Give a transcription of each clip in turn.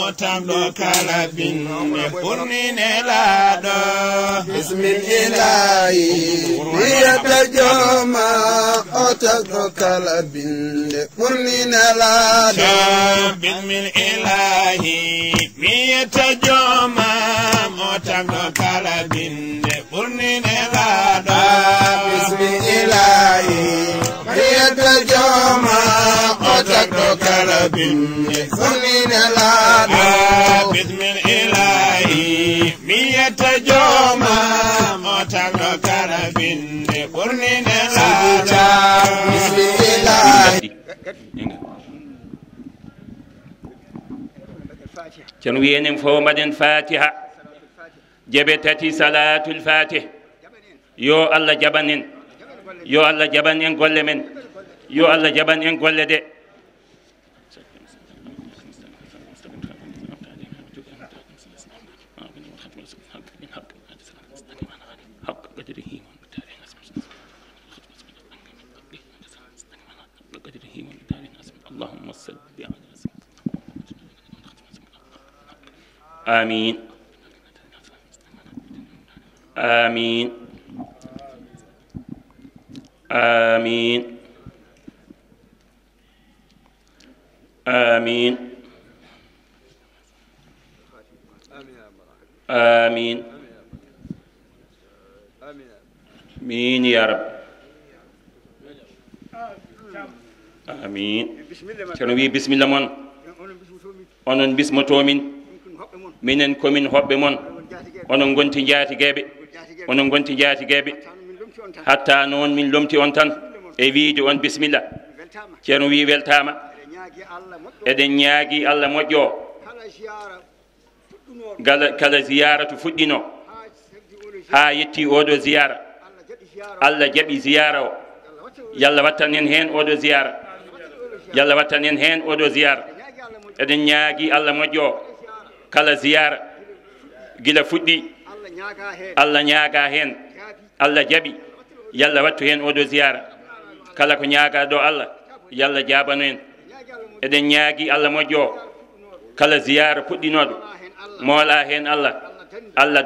o tamɗo kala binne ɓurnine laaɗo bismillahi wiyata jooma o tamɗo kala binde ɓurnine laaɗo bismillahi wiyata jooma o tamɗo kala binde جامعتك كرب فمن العدو بسم الإلهي مية جامعتك كرب قرن العدو بسم الإلهي كان وين فومدن فاتحة جبتتي صلاة الفاتح يو الله جبنن يو الله جبنن قل من يو الله جبان en قل de آمين آمين آمين amin ceno wi bisimilla moon onon bismotomin minen komin hoɓɓe moon onon gonti jaati geeɓe onon gonti jaati geeɓe hatta noon min lomti on tan e wiide on bisimilla ceno wi weltama eɗen ñaagi allah moƴƴo o gala kala ziyara to fuɗɗino ha yetti oɗo ziyara allah jaɓi ziyara o yallah wattan hen hen oɗo ziyara yo allah wattan en heen oɗo ziyara eɗen ñaagui allah moƴƴo o kala ziyara guila fuɗɗi allah ñaaga heen allah jaaɓi yo allah wattu heen oɗo ziyara kala ko ñaaga ɗo allah yo allah jaabano en eɗen ñaagui allah moƴƴo o kala ziyara puɗɗinoɗo moola heen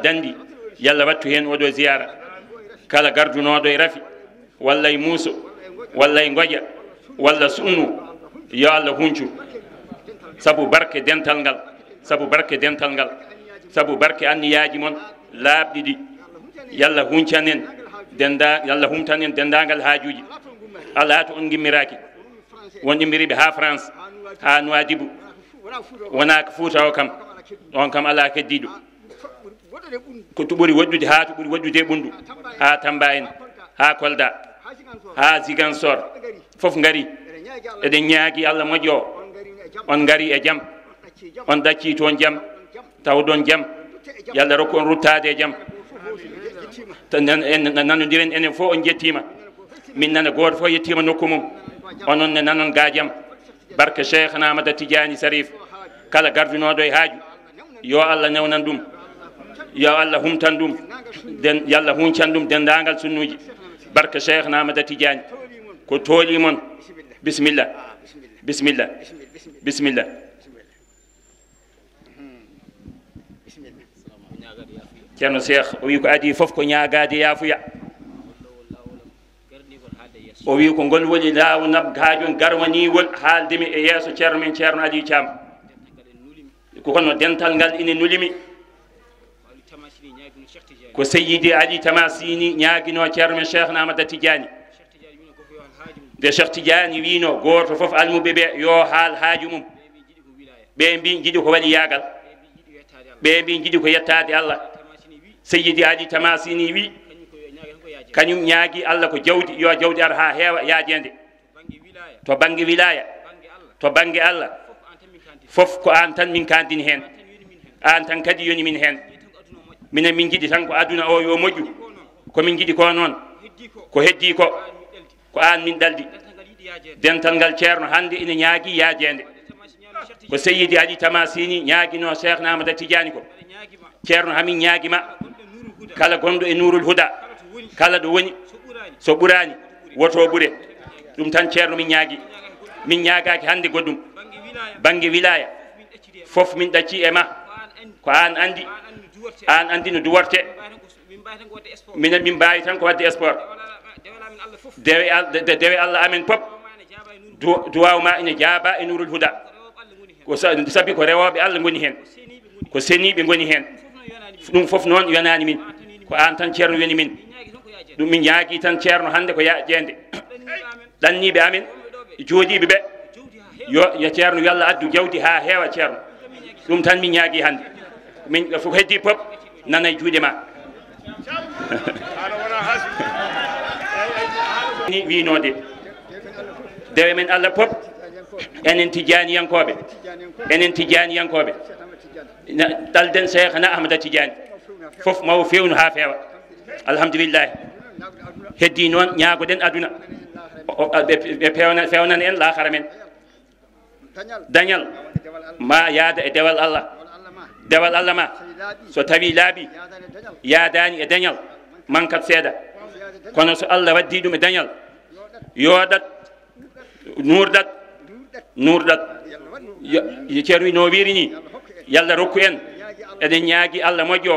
dandi yo allah wattu heen oɗo ziyara kala gardunoɗo e rafi walla e muuso ngoja walla sunnu yo allah huncu sabu barke dental ngal sabu barke dental ngal sabu barke anniyaji moon laaɓɗi ɗi yallah huncanen denda yallah humtanen dendagal haajuji alaato on gimmiraki won immiriɓe ha france ha noi dibou wona ko fuuta o kam on kam ala keddiɗo ko to ɓuuri woɗɗude ha to ɓuuri woɗɗude e ɓunndu ha tamba en ha kolda ha zigansor fof ngari eɗen ñaagi allah moƴƴo on ngari e jam on ɗacci toon jaam tawɗon jaam yo allah rokku on ruttaade e jaam nanodiren enen fof on jettima min nana goto fof yettima nokku mum onon ne nanon ga jaam barka cheikhna amada tidiani sarif kala gardinoɗo e haaju yo allah newnan ɗum yo allah humtan ɗum den yalla huncan ɗum dendagal sunnuji barka cheikhna amada tidiani ko tooli mon bisimilla bisimilla bisimilla ceerno cheikh o wi ko adi fof ko ñagade yaafuya o wi ko ngol woni laaw nab gaajon garwaniwol haaldemi e yesso ceerno min ceerno adi caam ko kono dental ngal ine nulimi ko seyidi adi tamasini ñaguino ceerno min cheikh namada tidiani nde cheikh tidiani wino goto foof almuɓe ɓe yo haal haaju mum ɓe mbi jiɗi ko waɗi yaagal ɓe mbi jiɗi ko yettade allah seyidi aadi tamasini wi kañum ñaagi allah ko jawdi yo jawdi ar ha heewa yaajende to bangge wilaya to bangge allah foof ko an tan min kandini hen an tan kadi yoni min hen minen min jiɗi tan ko aduna o yo moƴƴu komin jiɗi ko noon ko heddi ko ko an min daldi dental ngal ceerno hannde ina ñaagi yaajeende ko seyidi aɗi tamasini ñaagino cheikh namada tidiani ko ceerno hamin ñaagima kala gonɗo e nurul huda kala ɗo woni so ɓurani woto ɓure ɗum tan ceerno min ñaagi min ñaagaki hannde goɗɗum bangge wilaya fof min ɗacci e ma ko an andi an andi no duwarte min mbawi tan ko wadde e sport dewe allah amin pop duwawma ene jaaba e nurul huda ko sabbi ko rewobe allah ngoni hen ko seniɓe ngoni hen dum fof non yonani min ko an tan cerno yoni min dum min yaaki tan cerno hande ko ya jende yaƴƴede ɗanniɓe amin joodi be be yo ya cerno yalla addu jawdi ha hewa cerno dum tan min yaaki hande min fof heddi pop nanay e ma ni winode dewe men allah pop enen tijaniyankoɓe enen tijaniyankoɓe ɗalden cheikhna ahmada tidiani fof mawo fewnu ha fewa alhamdulillahi heddi noon ñagoɗen aduna ɓe fewnan en lahara men dañal ma yaada e dewal allah dewal allah ma so tawi laaɓi yaadani e dañal mankat seeɗa kono so allah waddi ɗum e dañal yooɗat nuurɗat nuurɗat ceerui no wiiri ni yalla rokku en eɗen ñaagi allah moƴƴo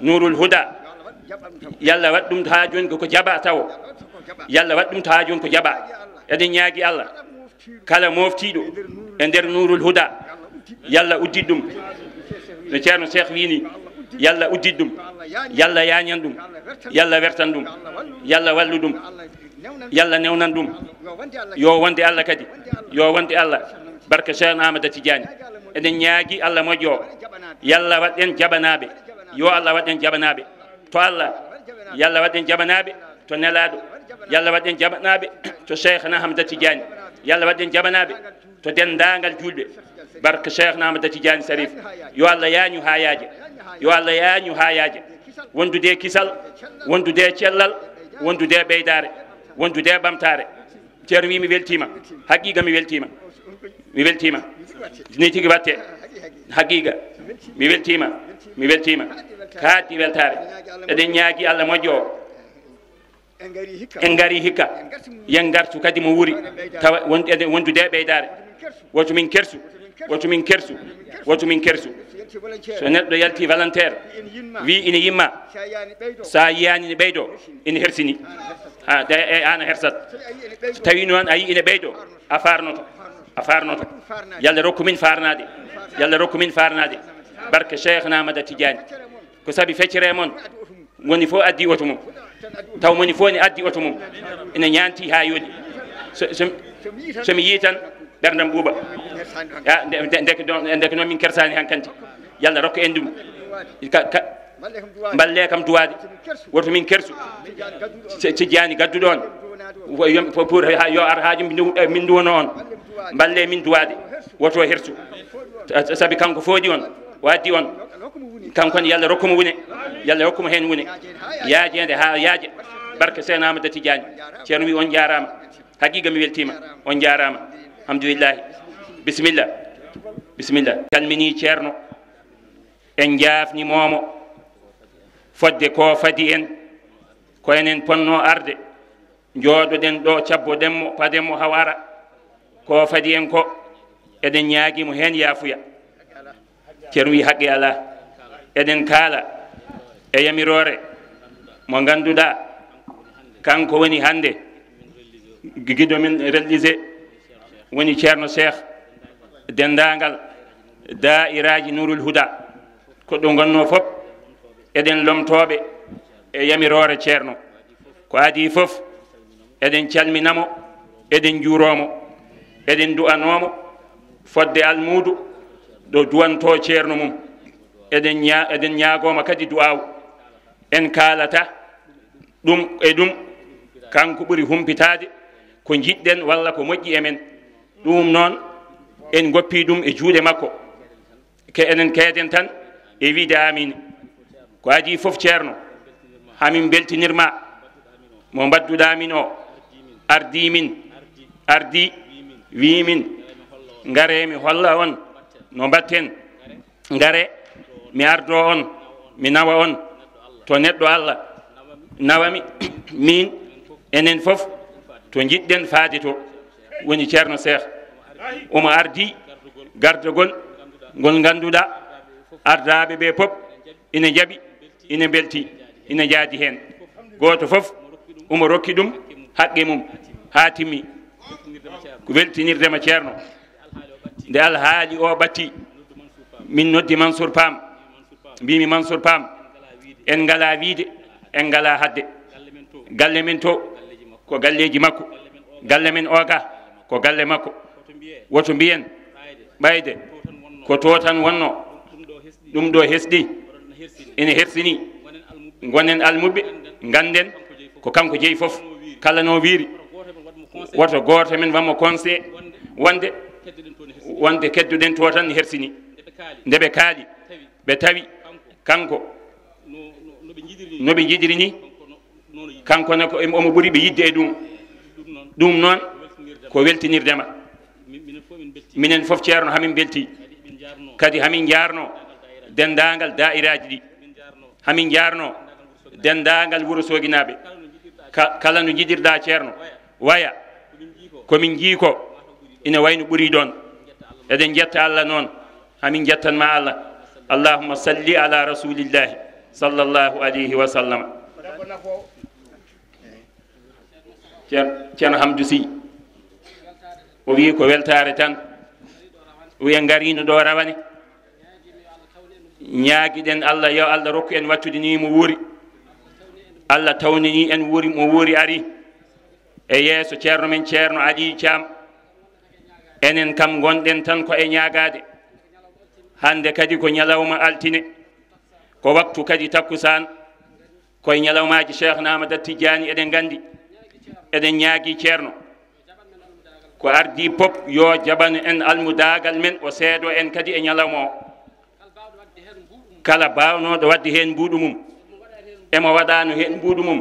nuurul huda yalla waɗ ɗum haa joni koko jaɓa taw yalla waɗ ɗum haa joni ko jaɓa eɗen ñaagi allah kala moftiɗo e nder nuurul huda yalla uddit ɗum no ceerno cheikh wini yalla uddid ɗum yalla yañan ɗum yalla wertan ɗum yalla wallu ɗum yalla newnan ɗum yo wonde allah kadi yo wonde allah barka cheikh amada tidiani eɗen ñaagui allah moƴƴo o yalla waɗɗen jaɓanaɓe yo allah waɗɗen jaɓanaɓe to allah yalla waɗɗen jaɓanaɓe to nelaɗo yalla waɗɗen jaɓanaɓe to cheikh na hamda tidiani yalla waɗɗen jaɓanaɓe to dendagal julɓe barke cheikhna ahmad dati diani sarif yo allah yañu hayaje yo allah yañu hayaje wondude kisal wondude cellal wondude ɓeydare wondude ɓamtare ceerno wi mi weltima haqiqa mi weltima mi weltima ni tigui watte haqiqa mi weltima mi weltima ka addi weltare eɗen ñaagui allah moƴƴo o en gari hikka yen gartu kadi mo wuuri tawa wondude ɓeydare woto min kersu woto min kersu woto min kersu so neɗɗo yalti volontaire wi ina yimma sa yiyani ne ɓeydo ina hersini ha e ana hersat so tawi noon a yi ina ɓeydo a farnoto a farnoto yalla rokku min farnade yalla rokku min farnade barka cheikh namada tidiani ko saabi feccere moon woni fo addi oto mum taw moni fo ne addi oto mum ina ñanti ha yoni somi yi tan ɓerdam ɓuuɓa deke noon min kersani han kanti yalla rokka en ndum mballe kam duwade woto min kersu si jiyani gaddude on pour ha yo ar haaju min eh, duwono on mballe min duwade woto hersu saabi kanko fooɗi on waddi on kankone yalla rokkumo wune yalla rokkumo hen wune yaajede ha yaaje barque sen amadati diani ceerno wi on jarama haqiga mi weltima on jarama hamdoulillahi bisimilla bisimilla calmini ceerno en jaafnimoomo fodde ko fadi en ko enen ponno arde jooɗoɗen ɗo cabbo ɗenmo pademmo hawara ko fadi en ko eɗen ñaagimo heen yaafuya ceerno wi haqqe ala eɗen kaala e yamiroore mo ngannduɗa kanko woni hannde giɗo min réalisé woni ceerno cheikh dendaangal daairaaji nourul huda ko ɗo ngonno fof eɗen lomtooɓe e yamiroore ceerno ko adi fof eɗen calminamo eɗen juuroomo eɗen du'anoomo fodde almuudu ɗo duwanto ceerno mum eɗen ña eɗen ñaagooma kadi du'aaw en kaalata ɗum e ɗum kanko ɓuri humpitaade ko jiɗɗen walla ko moƴƴi e men ɗum noon en goppi ɗum e juuɗe makko ke enen keeden tan e wiide amine ko adi fof ceerno hamin beltinirma mo badduɗa min o ardimin ardi wimin ngare mi holla on no batten ngare mi ardo on mi nawa on to neɗɗo allah nawami min enen fof to jiɗɗen faade to woni ceerno cheikh omo ardi gardogol ngol ngannduɗa ardaɓe ɓe fof ina jaaɓi ina belti ina jaadi heen gooto fof omo rokki ɗum haqqe mum haa timmi ko weltinirdema ceerno nde alhaali o ɓatti min noddi mansour pam mbimi mansour pam en ngala wiide en ngala hadde galle men to ko galleji makko galle men oga ko galle makko woto mbiyen ɓayde ko to tan wonno ɗum ɗo hesɗi ene hersini gonen almuɓɓe ganden ko kanko jeeyi foof kala no wiiri woto goto men wanmo conseil wonde wonde kedduɗen to tan hersini nde ɓe kaali ɓe tawi kanko noɓe jiɗiri ni kanko ne omo ɓuuri ɓe yidde e ɗum ɗum noon ko weltinirdema minen fof ceerno hamin belti kadi hamin jaarno dendagal dairaji ɗi hamin jaarno dendagal wuro soginaɓe kala no jiɗirɗa ceerno waya komin jiiko ina wayno ɓuuri ɗon eɗen jetta allah noon hamin jettanma allah allahuma salli ala rasulillahi sallllahu alayhi wa sallama ceerno hamdou sy o wi ko weltare tan wiya garino ɗo rawane ñaguiɗen allah yo allah rokku en wattude ni mo wuuri allah tawnini en wuuri mo wuuri ari e yesso ceerno men ceerno aɗi caam enen kam gonɗen tan ko e ñagade hande kadi ko ñalawma altine ko waktu kadi takkusan koye ñalawmaji cheikh nama dattijani eɗen gandi eɗen ñaagui ceerno ko ardi pop yo jaɓan en almudagal men o seedo en kadi e nyalamo kala bawno do waddi hen budumum e emo waɗano hen budumum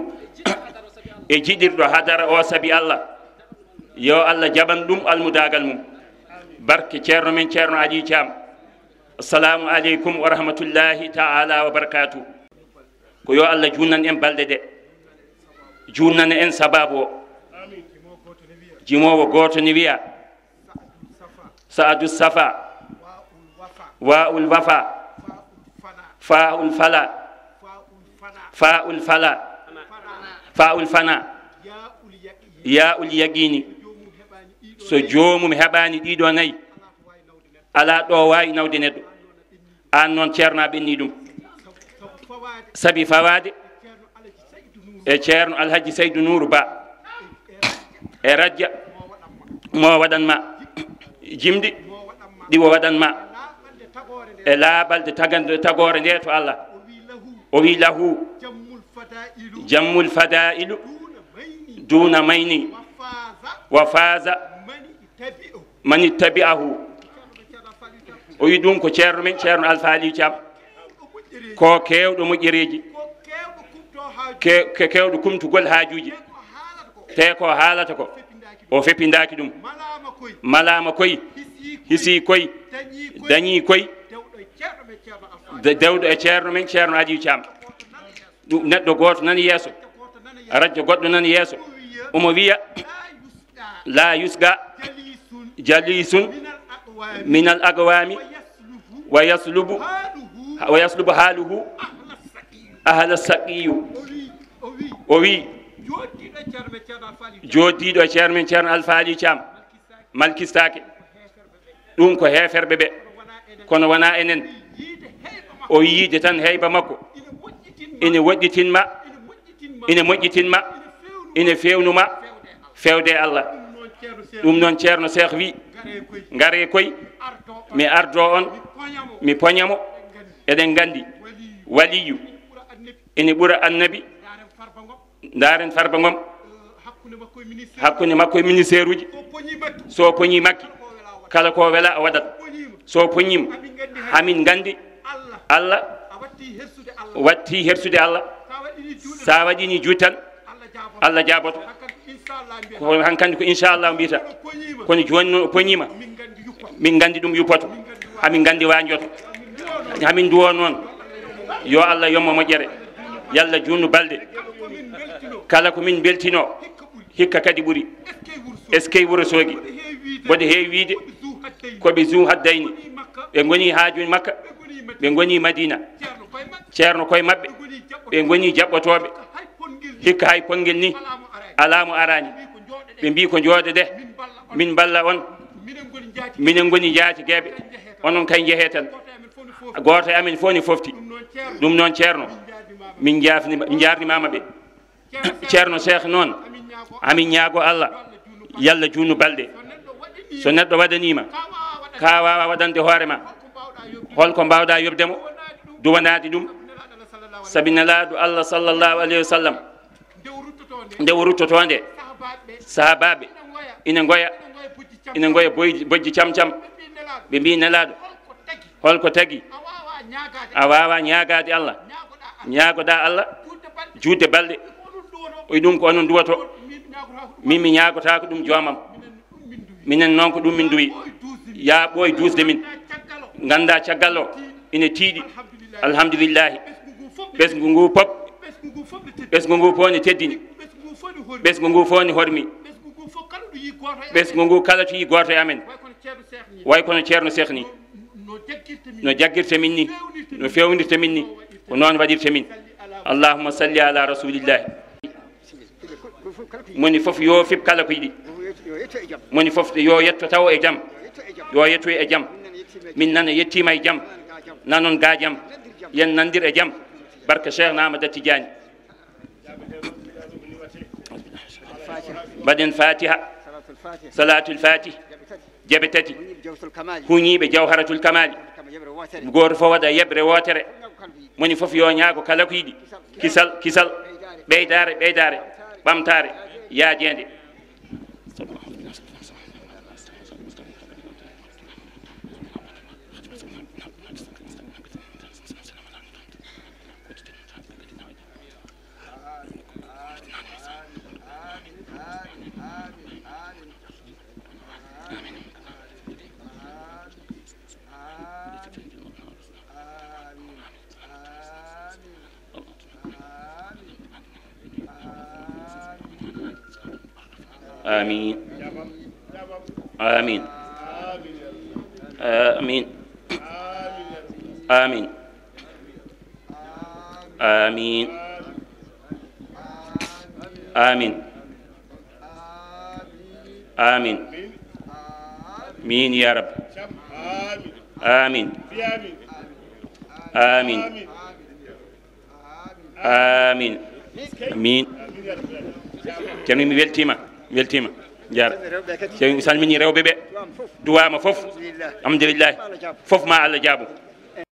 e jidirdo hadara o sabi allah yo allah jaban dum almudagal mum barke ceerno men ceerno aji cham assalamu aleykum wa rahmatullahi taala wa barakatuh ko yo allah junnan en balde de junnan en sababo jimowo goto ni wiya saadu safa waul wafa faul fala faul fala faul fana yaul yaqini so joomum heɓani ɗiɗo nayyi ala ɗo wawi nawde neɗɗo an noon ceerno a ɓenni ɗum sabi fawade e ceerno alhaji saydou nouro ba e radja mo waɗanma jimdi ɗiwo waɗanma e laaɓalde tagande tagore nde to allah o wi lahu jammul fadailu duna mayni wa faasa mani tabi'ahu o wi ɗum ko ceerno min ceerno alfaali cam ko kewɗo moƴƴereji kewɗo kumtugol haajuji te ko haalata ko o fepindaaki ɗum malaama koyi hisii koyi dañii koyi dewɗo e ceerno men ceerno adii e caam ɗum neɗɗo gooto nani yeeso radio goɗɗo nani yeeso omo wiya laa yusga jalisun minal agwami wa yaslubu wa yaslubu haaluhu ahla sakiyu o wii جودي دو شرمن شرم الفالي شام مالكي ساكي دون كو هافر ببي كون وانا انن او يجي تن هاي بامكو ان وجي تن ما ان وجي تن ما ان فيو نما فيو دي الله دوم نون شيرنو شيخ وي غاري كوي مي اردو اون مي بونيامو ادن غاندي وليو ان بورا النبي ndaaren farba ngom hakkunde makko e ministére uji e so poñi makki kala ko wela a waɗat so poñima hamin gandi allah watti hersude allah sa waɗini juuɗi tan allah jaaboto ko hankkandi ko inchallah mbiyata kono joni noon o poñima min gandi ɗum yuppoto hamin gandi wajoto hamin duwo noon yo allah yomma moƴƴere yallah junnu balde kala ko min beltino hikka kadi ɓuri est ce que wurosoogi bode heewi wiide koɓe zou haddayni ɓe goni haajuni makka ɓe goni madina ceerno koye maɓɓe ɓe goni jaɓɓotooɓe hikka hay ponngel ni alaamu araani ɓe mbi ko njooɗe nde min balla on minen goni jaati geeɓe onon kay njehee tan gooto e amen fof ni fofti ɗum noon ceerno min jaafni min jarnimama ɓe ceerno cheikh noon amin ñaago allah yalla juutnu balɗe so neɗɗo waɗanima ka wawa waɗande hoore ma holko mbawɗa yobdemo duwanade ɗum saabi nelaɗo allah sallllahu alayhi wa sallam nde o ruttotode sahabaɓe ina goya ina goya bojji cam cam ɓe mbi nelaɗo holko tagui a wawa ñagade allah ñaagoɗa allah juutde balɗe oy ɗum ko onon duwato min mi ñaagota ko ɗum joomam minen noon ko ɗum min duwi ya ɓooy duusde min ngannda caggal o ine tiiɗi alhamdulillahi ɓesgu ngu pop ɓesgu ngu fof ne teddini ɓesgu ngu fof ne hormi ɓesgu ngu kala to yi gooto e amen way kono ceerno cheikh ni no jaggirte min ni no fewndirte min ni ونوان فادير تمين اللهم صل على رسول الله موني فوف يو فيب كالاكو يدي موني فوف يو يتو تاو اجام يو يتو اجام من نانا يتيم اجام نانون غا جام ين نندير اجام بارك شيخ نعم دا تجاني بعدين فاتحة صلاة الفاتحة جبتتي هني بجوهرة الكمال هني بجوهرة الكمال goto fof waɗa yeɓre wootere moni fof yo ñaago kala ko yiɗi kisal kisal ɓeydare ɓeydare ɓamtare yaadede آمين آمين آمين آمين آمين آمين آمين مين يا رب آمين آمين آمين مين كم من بيتيما ملتيما جار شيخ سالم ني ريو بيبي دوام فوف الحمد لله فوف ما الله جابو